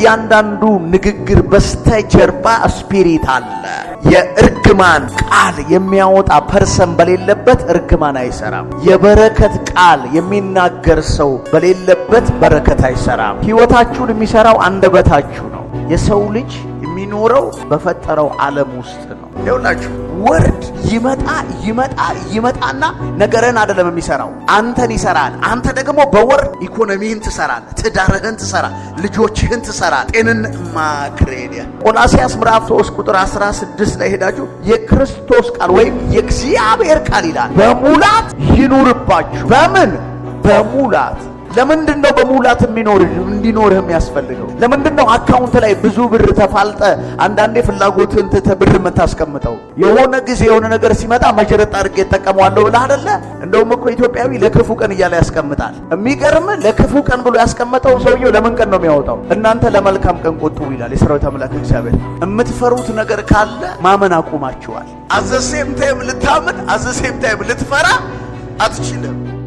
ከእያንዳንዱ ንግግር በስተጀርባ ስፒሪት አለ። የእርግማን ቃል የሚያወጣ ፐርሰን በሌለበት እርግማን አይሰራም። የበረከት ቃል የሚናገር ሰው በሌለበት በረከት አይሰራም። ሕይወታችሁን የሚሰራው አንደበታችሁ ነው። የሰው ልጅ የሚኖረው በፈጠረው ዓለም ውስጥ ነው። ይኸውላችሁ ወርድ ይመጣ ይመጣ ይመጣና ነገርን አይደለም የሚሰራው አንተን ይሰራል። አንተ ደግሞ በወርድ ኢኮኖሚህን ትሰራል፣ ትዳርህን ትሰራ፣ ልጆችህን ትሰራል። ጤንን ማክሬዲያ ቆላሲያስ ምዕራፍ 3 ቁጥር 16 ላይ ሄዳችሁ የክርስቶስ ቃል ወይም የእግዚአብሔር ቃል ይላል በሙላት ይኑርባችሁ። በምን በሙላት ለምንድን ነው በሙላት የሚኖርህ እንዲኖርህ የሚያስፈልገው? ለምንድን ነው አካውንት ላይ ብዙ ብር ተፋልጠ አንዳንዴ ፍላጎት ትተህ ብር የምታስቀምጠው? የሆነ ጊዜ የሆነ ነገር ሲመጣ መጀረጥ አድርጌ እጠቀመዋለሁ ብለህ አይደለ? እንደውም እኮ ኢትዮጵያዊ ለክፉ ቀን እያለ ያስቀምጣል። የሚገርም ለክፉ ቀን ብሎ ያስቀመጠው ሰውየው ለምን ቀን ነው የሚያወጣው? እናንተ ለመልካም ቀን ቆጥቡ ይላል የሰራዊት አምላክ እግዚአብሔር። የምትፈሩት ነገር ካለ ማመን አቁማችኋል። አዘሴም ታይም ልታምን፣ አዘሴም ታይም ልትፈራ አትችልም።